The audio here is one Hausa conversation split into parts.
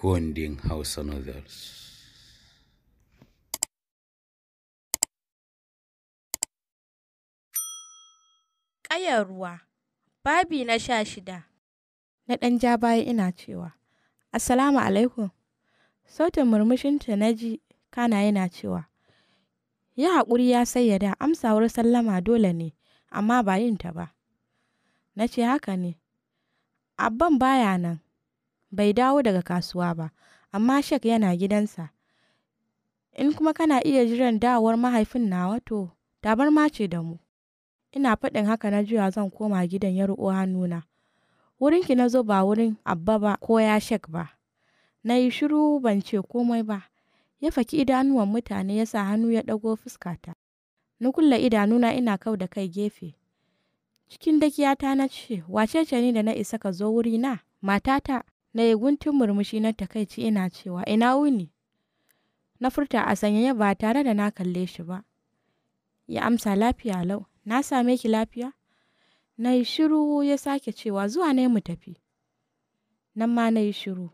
kundin Hausa Novels. Ƙayar ruwa, babi na sha shida. Na ɗan ja baya ina cewa, Assalamu alaikum. Sautin murmushin ta na ji kana yana cewa, Yi haƙuri ya da. amsawar sallama dole ne, amma ba yin ta ba. Na ce haka ne, Abban baya nan, Bai dawo daga kasuwa ba, amma Shek yana gidansa. In kuma kana iya jiran dawowar mahaifin na wato, to, ma ce da mu. Ina faɗin haka na jiya zan koma gidan ya riƙo hannuna. ki na zo ba wurin Abba ba ko ya Shek ba. Na yi shiru ban ce komai ba. Ya faki idanuwan mutane ya sa hannu ya ɗago fuskata. Na kulle idanuna ina kau da kai gefe. Cikin dakiyata na ce, wace ce ni da na isa ka zo na Matata. Na guntun murmushi na takaici ina cewa ina wuni. Na furta a ya ba tare da na kalle shi ba. Ya amsa lafiya lau, na same ki lafiya? Na yi shiru ya sake cewa zuwa ne mu tafi. Nan ma na yi shiru.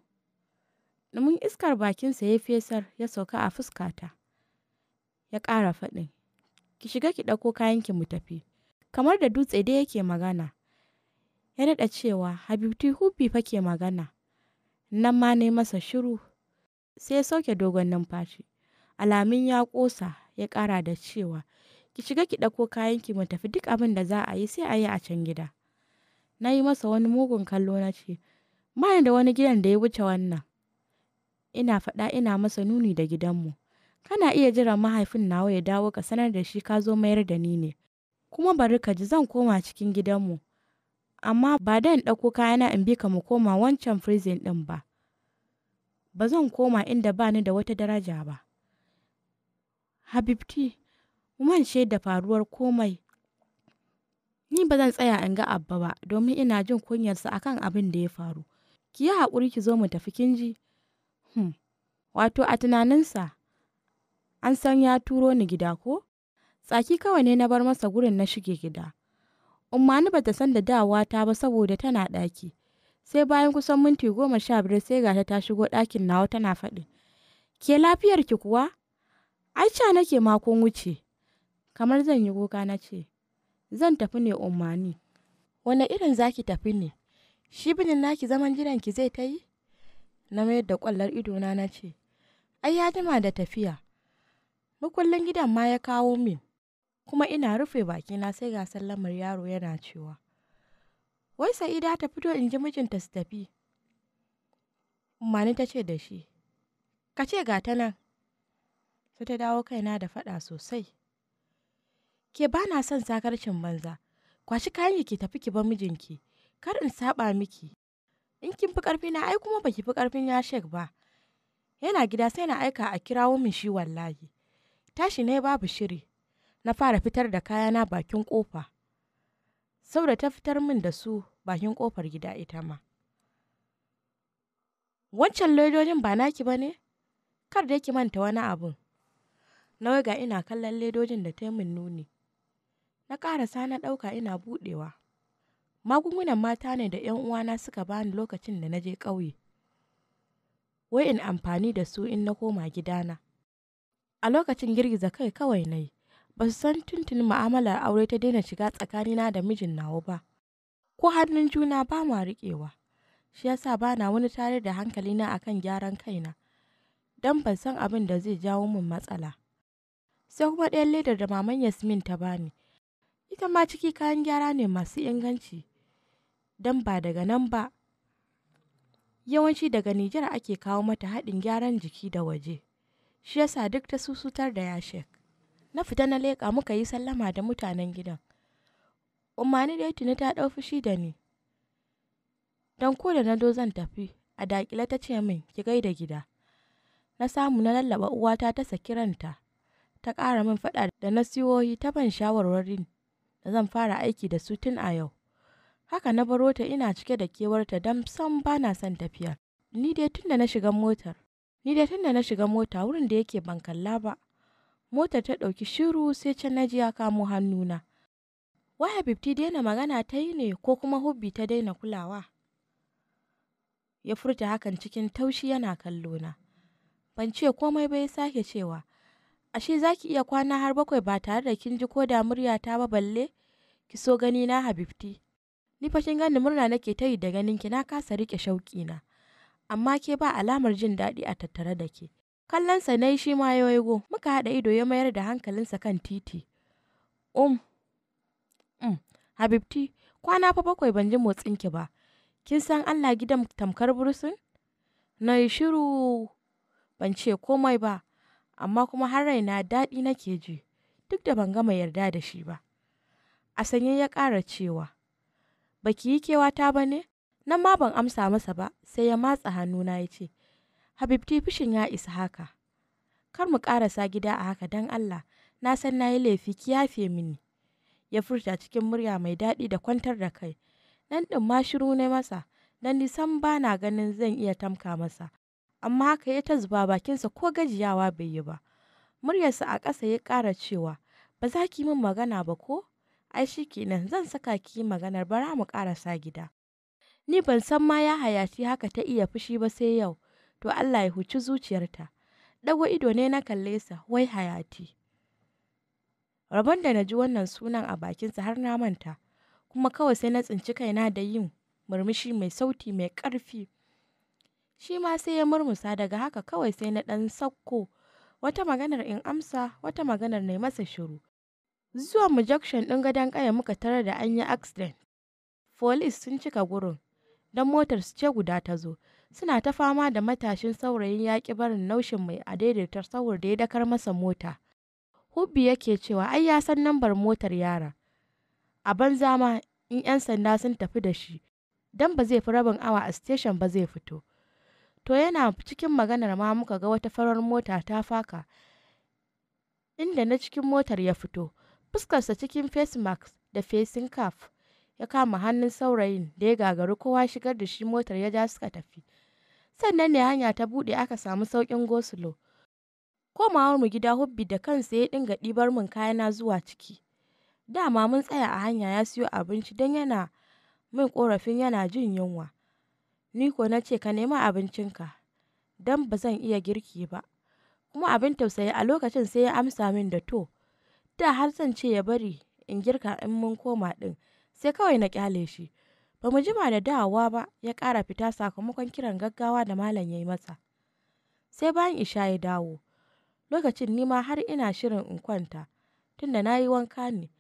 Numin iskar bakinsa ya fesar ya sauka a fuskata. Ya ƙara faɗin, ki shiga ki ɗauko kayan ki mu tafi. Kamar da dutse dai yake magana. Ya daɗa cewa Habibti hubi fa ke magana. Nan ma ne masa shiru. Sai sauke dogon numfashi. alamin ya ƙosa ya ƙara da cewa, Ki shiga ki ɗauko ki mu tafi duk abin da za a yi sai a yi a can gida. Na yi masa wani mugun kallo na ce, Ba da wani gidan da ya wuce wannan. Ina faɗa ina masa nuni da gidanmu. Kana iya jiran mahaifin nawa ya dawo ka sanar da shi ka zo mayar da ni ne. Kuma bari ka ji zan koma cikin gidanmu. amma ba dan in ɗauko kayana in bi ka mu koma wancan prison ɗin ba. Ba zan koma inda ba ni da wata daraja ba. Habibti, man da faruwar komai. Ni ba zan tsaya in ga Abba ba domin ina jin kunyarsa akan abin da ya faru. Ki yi haƙuri ki zo mu tafi kin ji. Hmm. Wato a tunaninsa, an san ya turo ni gida ko? Tsaki kawai ne na bar masa gurin na shige gida. Ummani bata san da dawa ta ba saboda tana ɗaki. Sai bayan kusan minti goma sha biyar sai gata ta shigo ɗakin nawa tana faɗi. Ke lafiyar ki kuwa? Ai ca nake makon wuce. Kamar zan yi kuka na ce, zan tafi ne ummani. Wane irin zaki tafi ne? Shi binin naki zaman ki zai ta yi? Na mayar da kwallon idona na ce, ai ya jima da tafiya. Makullin gidan ma ya kawo min. kuma ina rufe bakina sai ga sallamar yaro yana cewa wai sa'ida ta fito in ji mijinta su tafi umarni ta ce da shi ka ce ga ta nan sai ta dawo kaina da faɗa sosai ke ba na son sakarcin banza kwashi kayan ki tafi ki ba mijinki kar in saba miki in kin fi karfi na ai kuma baki fi karfin ya shek ba yana gida sai na aika a kirawo min shi wallahi tashi ne babu shiri na fara fitar da kayana bakin ƙofa. Sau ta fitar min da su bakin ƙofar gida ita ma. Wancan ledojin ba naki ba ne? Kar da ki manta wani abin. Na ga ina kallon ledojin da ta min nuni. Na ƙarasa na ɗauka ina buɗewa. Magungunan mata ne da ‘yan uwana suka bani lokacin da na je ƙauye. Wai in amfani da su in na koma gidana. A lokacin girgiza kai kawai na ba su san tuntuni mu'amalar aure ta daina shiga tsakanina da mijin nawa ba. Ko hannun juna ba ma riƙewa. Shi yasa ba na wani tare da hankalina akan gyaran kaina. Don ban san abin da zai jawo min matsala. Sai kuma ɗayan ledar da maman Yasmin ta bani. Ita ma ciki kayan gyara ne masu inganci. Don ba daga nan ba. Yawanci daga Nijar ake kawo mata haɗin gyaran jiki da waje. Shi yasa duk ta susutar da yashek. na fita na leƙa muka yi sallama da mutanen gidan umarni dai tuni ta ɗau fushi da ni don ko da na do zan tafi a dakile ta ce min ki gaida gida na samu na lallaba uwata ta saki ranta ta ƙara min faɗa da nasihohi ta ban shawarwarin da zan fara aiki da su tun a yau haka na baro ta ina cike da kewarta don san ba son tafiya ni dai tun da na shiga motar ni dai tun da na shiga mota wurin da yake ban kalla ba Motar ta ɗauki shiru sai can naji ya kamo hannuna. Waya Habibti daina magana ta yi ne ko kuma Hubbi ta daina kulawa? Ya furta hakan cikin taushi yana kallona. Ban ce komai bai sake cewa, Ashe za ki iya kwana har bakwai ba tare da kin ji ko da muryata ba balle? Ki so gani na Habibti. Ni fa kin gani murna nake ta yi da ganin ki na kasa riƙe shauƙi na. Amma ke ba alamar jin daɗi a tattare da ke. Kallonsa na yi shi ma ya waigo, muka haɗa ido ya mayar da hankalinsa kan titi. Um, um, Habibti, kwana fa bakwai ban ji motsin ki ba. Kin san Allah gidan tamkar burusun? Na yi shiru ban ce komai ba, amma kuma har raina daɗi nake ji, duk da ban gama yarda da shi ba. A sanye ya kara cewa, Baki yi kewata ba ne? Nan ma ban amsa masa ba, sai ya matsa hannuna ya ce, Habib fushin ya isa haka. Kar mu ƙarasa gida a haka don Allah, na san na yi laifi kiyafe mini. Ya furta cikin murya mai daɗi da kwantar da kai. Nan ɗin ma shiru ne masa, nan nisan ba na ganin zan iya tamka masa. Amma haka ya ta zuba bakinsa ko gajiyawa bai yi ba. Muryarsa a ƙasa ya ƙara cewa, ba za ki min magana ba ko? Ai shi kenan zan saka ki maganar bara mu ƙarasa gida. Ni ban san ma ya hayaci haka ta iya fushi ba sai yau. to Allah ya huci zuciyarta. Ɗago ido ne na kalle sa, wai hayati. Rabon da na ji wannan sunan a bakinsa har na manta, kuma kawai sai na tsinci kaina da yin murmushi mai sauti mai ƙarfi. Shi ma sai ya murmusa daga haka kawai sai na ɗan sakko, wata maganar in amsa, wata maganar na masa shiru. Zuwa mu junction ɗin gadon ƙaya muka tarar da an yi accident. Folis sun cika gurin, don motar su ce guda ta zo, suna ta fama da matashin saurayin yaƙi barin naushin mai daidaita saur da ya dakar masa mota. Hubbi yake cewa ai ya san lambar motar yara. A banza ma in 'yan sanda sun tafi da shi, don ba zai fi rabin awa a station ba zai fito. To yana cikin maganar ma muka ga wata farar mota ta faka, inda na cikin motar ya fito, fuskarsa cikin face mask da facing cap. ya kama hannun saurayin da ya gagari kowa shigar da shi motar ya ja suka tafi sannan ne hanya ta buɗe aka samu saukin gosulo. Komawar mu gida hubbi da kansa ya dinga ɗibar mun kayana zuwa ciki. Dama mun tsaya a hanya ya siyo abinci don yana min ƙorafin yana jin yunwa. Ni ko na ce ka nemi abincinka don ba zan iya girki ba. Kuma abin tausayi a lokacin sai ya amsa min da to. Da har zan ce ya bari in girka in mun koma ɗin sai kawai na kyale shi. Ba mu jima da dawowa ba ya ƙara fita sakamakon kiran gaggawa da malam ya yi masa. Sai bayan isha ya dawo. Lokacin nima har ina shirin in kwanta tunda na yi wanka ne.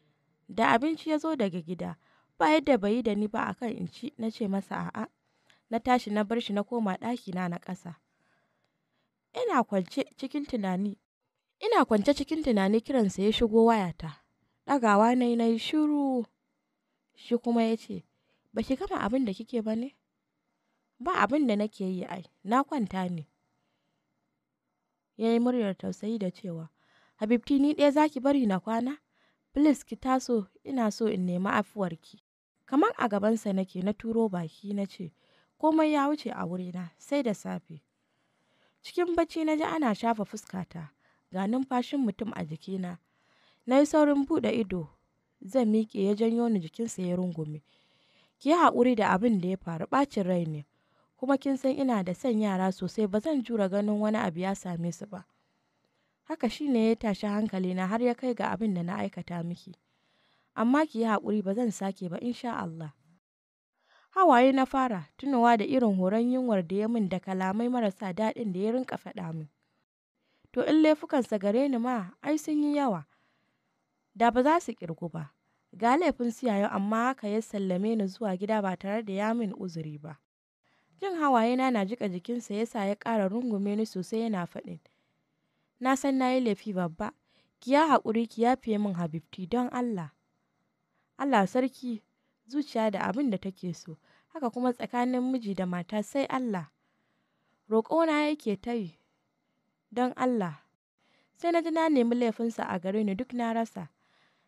Da abinci ya zo daga gida ba yadda bai yi da ni ba akan in ci na ce masa a'a. Na tashi na bar shi na koma ɗakina na ƙasa. Ina kwance cikin tunani. Ina kwance cikin tunani kiransa ya shigo wayata. Ɗagawa na yi na yi shiru. Shi kuma ya ce, Ba ki gama abin da kike ba ne? Ba abin da nake yi ai, na kwanta ne. Ya yi muryar tausayi da cewa, Habibti ni ɗaya za ki bari na kwana? Please ki taso, ina so in nemi afuwar ki. kamar a gabansa nake na turo baki na ce, komai ya wuce a wurina sai da safe. Cikin bacci na ji ana shafa fuskata, ga numfashin mutum a jikina. Na yi saurin buɗe ido, zan miƙe ya janyo ni jikinsa ya rungume. ki yi haƙuri da abin da ya faru ɓacin rai ne kuma kin san ina da son yara sosai ba zan jura ganin wani abu ya same su ba haka shi ne ya tashi hankali na har ya kai ga abin da na aikata miki amma ki yi haƙuri ba zan sake ba insha Allah hawaye na fara tunawa da irin horon yunwar da ya min da kalamai marasa daɗin da ya rinka faɗa min to in laifukansa gare ni ma ai sun yi yawa da ba za su ƙirgu ba Ga laifin yau, amma haka ya sallame ni zuwa gida ba tare da ya min uzuri ba. Jin hawayena na jika jikinsa ya sa ya ƙara rungume ni sosai yana faɗin. Na san na yi laifi babba, ki ya haƙuri ki yafe min habibti don Allah. Allah sarki, zuciya da abin da take so, haka kuma tsakanin miji da mata sai Allah. Roƙona yake ta yi, don Allah. Sai na ji na nemi laifinsa a gare ni duk na rasa.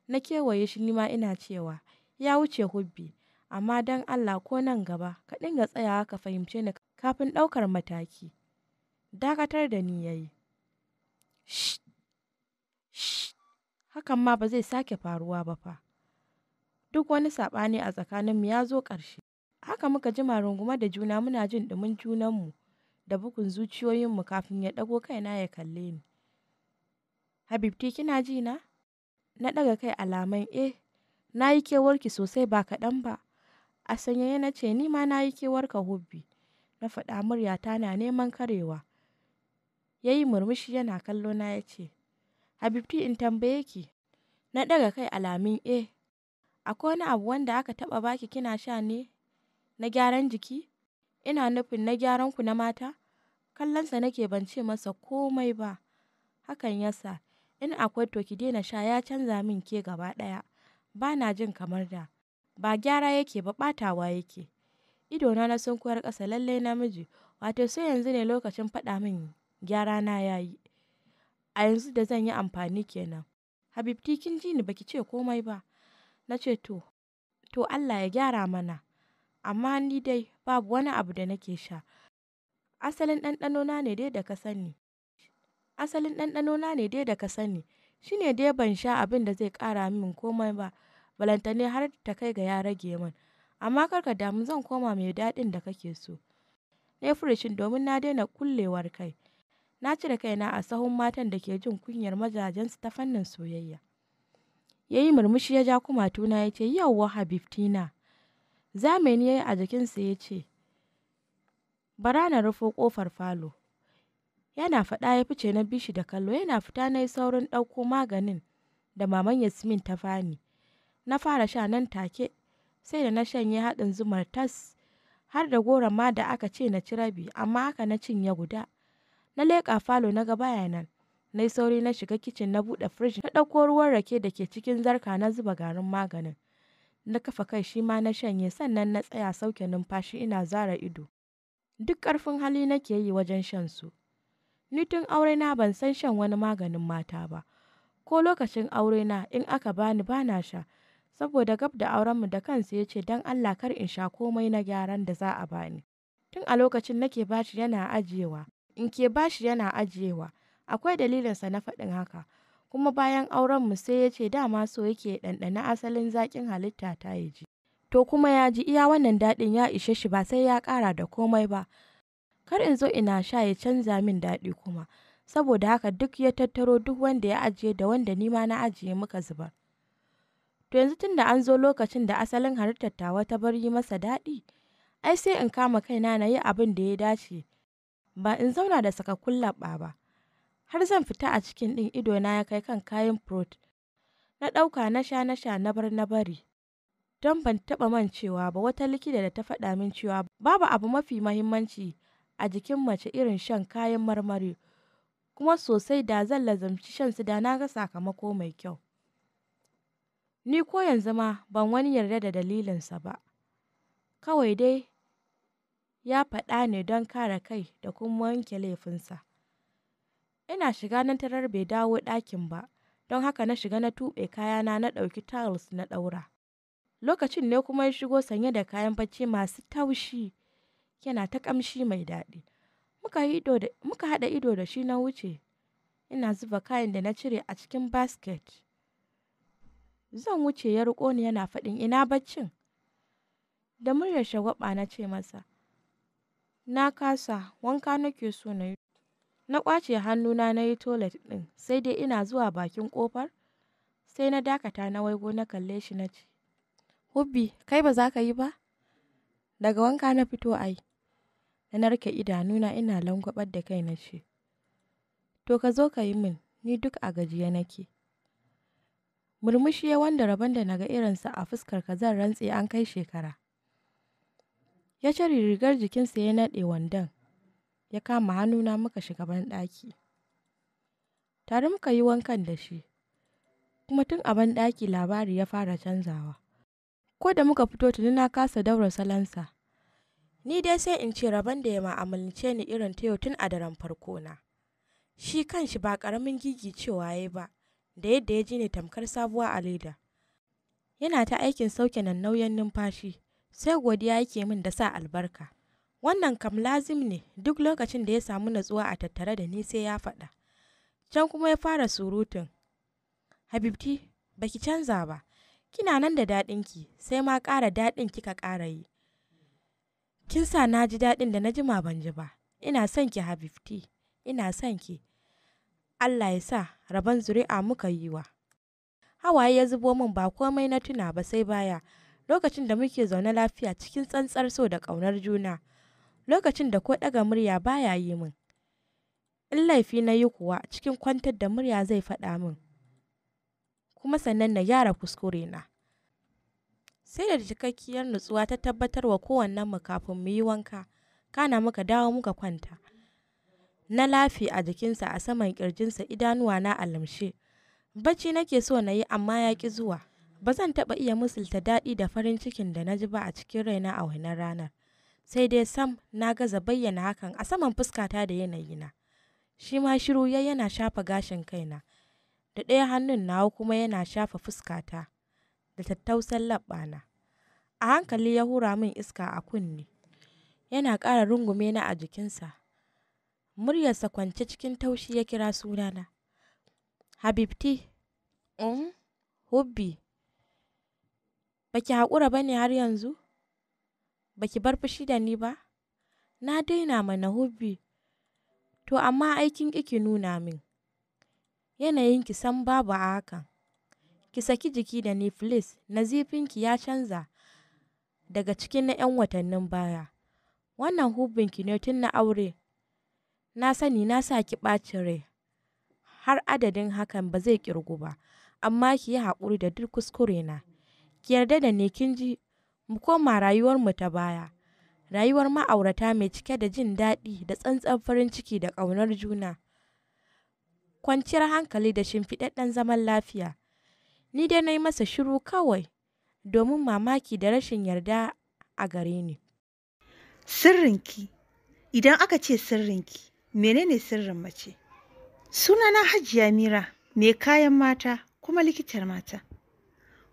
Na kewaye shi nima ina cewa, ya wuce hubbi, amma don Allah ko nan gaba ka dinga tsayawa ka fahimce ni kafin ɗaukar mataki. Dakatar da ni ya yi. Hakan ma ba zai sake faruwa ba fa. Duk wani saɓani a tsakaninmu ya zo ƙarshe. Haka muka jima runguma da juna muna jin ɗumin junanmu da bugun zuciyoyinmu kafin ya ɗago kaina ya kalle ni. Habibti kina ji na? Na ɗaga kai alaman eh, na yi kewarki sosai ba kaɗan ba. A sanyaye na ce ni ma na yi kewarka Hubbi, na faɗa murya na neman karewa. Ya yi murmushi yana kallo na ya ce, Habibti in tambaye ki. Na ɗaga kai alamin eh. Akwai wani abu wanda aka taɓa baki kina sha ne na gyaran jiki? Ina nufin na gyaran ku na mata? Kallonsa nake ban ce masa komai ba. Hakan ya sa In akwai toki daina sha ya canza min ke gaba ɗaya. Ba na jin kamar da. Ba gyara yake ba ɓatawa yake. ido na sunkuyar ƙasa lallai namiji, wato sai yanzu ne lokacin faɗa min gyara na ya yi. A yanzu da zan yi amfani kenan. Habibti kin ji ni baki ce komai ba. Na ce to, to Allah ya gyara mana. Amma ni dai babu wani abu da nake sha. Asalin ɗanɗanona ne dai da ka sani. asalin ɗanɗano na ne dai da ka sani, shi ne dai ban sha abin da zai ƙara min komai ba, balantane har ta kai ga ya rage min, amma kar ka damu zan koma mai daɗin da kake so. Na yi domin na daina kullewar kai, na cire kaina a sahun matan da ke jin kunyar mazajen su ta fannin soyayya. Ya yi murmushi ya ja kuma Tuna ya ce, Yauwa Habibtina, zamani ya yi a jikinsa ya ce, Bara na rufo kofar falo. Yana faɗa ya fice na bishi da kallo yana fita na yi saurin ɗauko maganin da maman Yasmin ta fani. Na fara sha nan take sai da na shanye haɗin zumar tas har da goron ma da aka ce na ci rabi amma haka na cinye guda. Na leƙa falo na ga yanan Na yi sauri na shiga kicin na buɗe firij na ɗauko ruwan rake da ke cikin zarka na zuba garin maganin. Na kafa kai shi ma na shanye sannan na tsaya sauke numfashi ina zara ido. Duk ƙarfin hali nake yi wajen shan su. Ni tun aurena ban san shan wani maganin mata ba. Ko lokacin aurena in aka bani bana sha, saboda gab da aurenmu da kansa ya ce don Allah kar in sha komai na gyaran da za a bani. Tun a lokacin nake bashi yana ajiyewa, in ke bashi yana ajiyewa. Akwai dalilinsa na faɗin haka. Kuma bayan aurenmu sai ya ce dama so yake ɗanɗana asalin zaƙin halitta ta yaji. To kuma ya ji iya wannan daɗin ya ishe shi ba sai ya ƙara da komai ba. Kar in zo ina sha ya canza min daɗi kuma. Saboda haka duk ya tattaro duk wanda ya ajiye da wanda ni ma na ajiye muka zubar. To yanzu tun da an zo lokacin da asalin halittar tawa ta bar yi masa daɗi, ai sai in kama kaina na yi abin da ya dace. Ba in zauna da saka laɓa ba. Har zan fita a cikin ɗin ido na ya kai kan kayan furot. Na ɗauka na sha na sha na bar na bari. Don ban taɓa mancewa ba wata likita da ta faɗa min cewa babu abu mafi mahimmanci a jikin mace irin shan kayan marmari, kuma sosai da zan shan shansu da na ga sakamako mai kyau. Ni ko yanzu ma ban wani yarda da dalilinsa ba, kawai dai ya faɗa ne don kare kai da kuma wanke laifinsa. Ina shiga na tarar bai dawo ɗakin ba, don haka na shiga na tuɓe kayana na ɗauki tiles na ɗaura. Lokacin ne kuma ya shigo sanye da kayan bacci masu taushi. yana ta ƙamshi mai daɗi. Muka haɗa ido da shi na wuce, ina zuba kayan da na cire a cikin basket. Zan wuce ya riko ni yana faɗin ina baccin. Da muryar shagwaɓa na ce masa, na kasa wanka nake so na yi. Na ƙwace hannuna na yi toilet ɗin, sai dai ina zuwa bakin ƙofar, sai na dakata na waigo na kalle shi na ce, Hubbi, kai ba za ka yi ba? Daga wanka na fito ai. Na narke idanuna ina langwabar da kai na ce, To ka zo ka yi min, ni duk a gajiye nake. Murmushi ya wanda rabon da naga irinsa a fuskar ka zan rantse an kai shekara. Ya cari rigar jikinsa ya naɗe wandon, ya kama hannuna muka shiga banɗaki. Tare muka yi wankan da shi, kuma tun a ɗaki labari ya fara canzawa. Ko da muka fito tuni na kasa daura salansa, Ni dai sai in ce rabon da ya ma'amalance ni irin ta yau tun a daren farko na. Shi kanshi ba ƙaramin gigi cewa ya ba, da yadda ya ji ni tamkar sabuwa a leda. Yana ta aikin sauke nan nauyin numfashi, sai godiya yake min da sa albarka. Wannan kam lazim ne duk lokacin da ya samu natsuwa a tattare da ni sai ya faɗa. Can kuma ya fara surutun. Habibti, baki canza ba, kina nan da daɗinki, sai ma ƙara daɗin kika ƙara yi. Kin sa na ji daɗin da na jima ban ji ba. Ina son ki Habibti, ina son ki. Allah ya sa rabon zuri'a muka yi wa. Hawaye ya zubo min ba komai na tuna ba sai baya, lokacin da muke zaune lafiya cikin tsantsar so da ƙaunar juna, lokacin da ko ɗaga murya baya yi min. In laifi na yi kuwa cikin kwantar da murya zai faɗa min, kuma sannan na gyara kuskure na. Sai da cikakkiyar nutsuwa ta tabbatar wa mu kafin mu yi wanka, kana muka dawo muka kwanta. Na lafi a jikinsa a saman kirjinsa idanuwa na alamshe Bacci nake so na yi amma ya ki zuwa. Ba zan taɓa iya musulta daɗi da farin cikin da na ji ba a cikin raina a wannan ranar. Sai dai sam na gaza bayyana hakan a saman fuskata da yanayina. Shi ma shiru yana shafa gashin kaina, da ɗaya hannun nawa kuma yana shafa fuskata. da tattausan labbana. A hankali ya hura min iska a kunne, yana ƙara rungume na a jikinsa. Muryarsa kwance cikin taushi ya kira sunana. Habibti, um, hubbi, baki haƙura ba ne har yanzu? Baki bar fushi da ni ba? Na daina mana hubbi. To amma aikin ƙiki nuna min, yanayin san babu a hakan. ki saki jiki da ni please, ki ya canza daga cikin na 'yan watannin baya. Wannan ki ne tun na aure, na sani na sa ki ɓacin rai, har adadin hakan ba zai ƙirgu ba, amma ki yi haƙuri da duk kuskure na Ki yarda da ni kin ji, mu koma rayuwar mu ta baya. Rayuwar ma'aurata mai cike da jin daɗi da tsantsan farin ciki da ƙaunar juna. Kwanciyar hankali da shimfiɗaɗɗen zaman lafiya. Ni dai na yi masa shiru kawai domin mamaki da rashin yarda a gare ni. Sirrinki, idan aka ce sirrinki, menene sirrin mace? Sunana Hajiya Mira, mai kayan mata kuma likitar mata.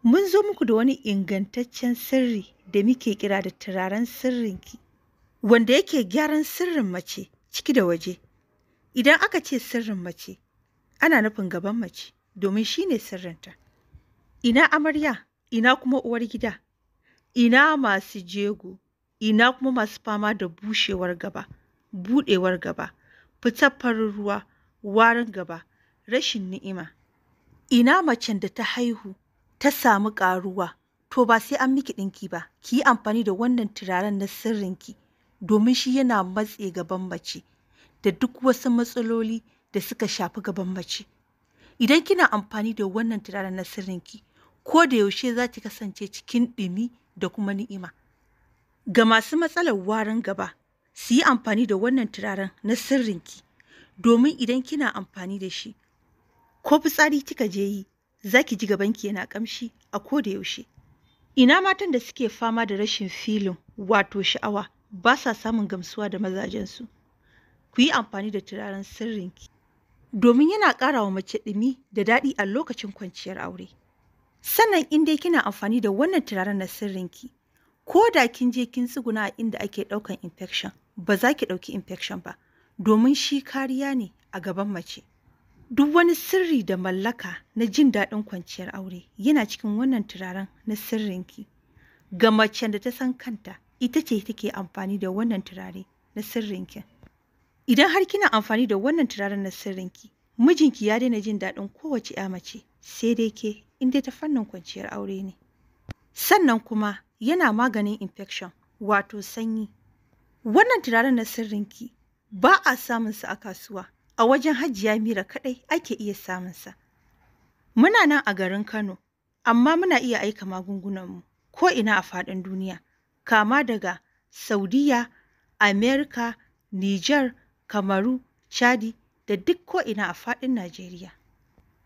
Mun zo muku da wani ingantaccen sirri da muke kira da turaren sirrinki, wanda yake gyaran sirrin mace ciki da waje. Idan aka ce sirrin mace, ana nufin gaban mace domin shi ne sirrinta. Ina amarya, ina kuma uwar gida, ina masu jego, ina kuma masu fama da bushewar gaba, buɗewar gaba, fitar farin ruwa, warin gaba, rashin ni'ima. Ina macen da ta haihu, ta samu ƙaruwa, to ba sai an miki ɗinki ba, ki yi amfani da wannan turaren na sirrinki, domin shi yana matse gaban mace da duk wasu matsaloli da suka shafi gaban mace. Idan kina amfani da wannan turaren na sirrinki, ko da yaushe za ki kasance cikin ɗumi da kuma ni'ima. Ga masu matsalar warin gaba, su yi amfani da wannan turaren na sirrinki, domin idan kina amfani da shi, ko fitsari kika je yi, za ki ji gabanki yana ƙamshi a ko da yaushe. Ina matan da suke fama da rashin filin wato sha'awa ba sa samun gamsuwa da mazajensu. Ku yi amfani da turaren sirrinki, domin yana ƙara wa mace ɗumi da daɗi a lokacin kwanciyar aure. Sannan in dai kina amfani da wannan turaren na sirrinki, ko da kin je kin tsuguna a inda ake ɗaukan infection, ba za ki ɗauki infection ba, domin shi kariya ne a gaban mace. Duk wani sirri da mallaka na jin daɗin kwanciyar aure yana cikin wannan turaren na sirrinki. Ga macen da ta san kanta, ita ce take amfani da wannan turare na sirrinki. Idan har kina amfani da wannan turaren na sirrinki, mijinki ya daina jin daɗin kowace 'ya mace, sai dai ke in dai ta fannin kwanciyar aure ne. Sannan kuma yana maganin infection wato sanyi. Wannan turaren na sirrinki ba a samun samunsa a kasuwa, a wajen hajiya mira kaɗai ake iya samun sa. Muna nan a garin Kano, amma muna iya aika magungunanmu ko ina a faɗin duniya, kama daga Saudiya, Amerika, Nijar, Kamaru, Chadi da duk ko ina a faɗin Najeriya.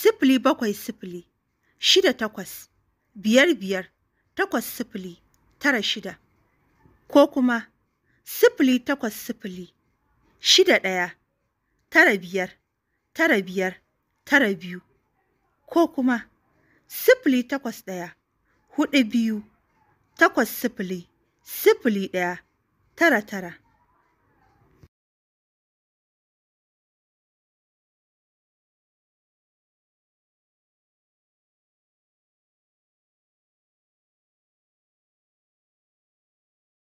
sifili bakwai sifili shida takwas biyar biyar takwas sifili tara shida ko kuma sifili takwas sifili shida ɗaya tara biyar tara biyar tara biyu ko kuma sifili takwas ɗaya huɗu biyu takwas sifili sifili ɗaya tara tara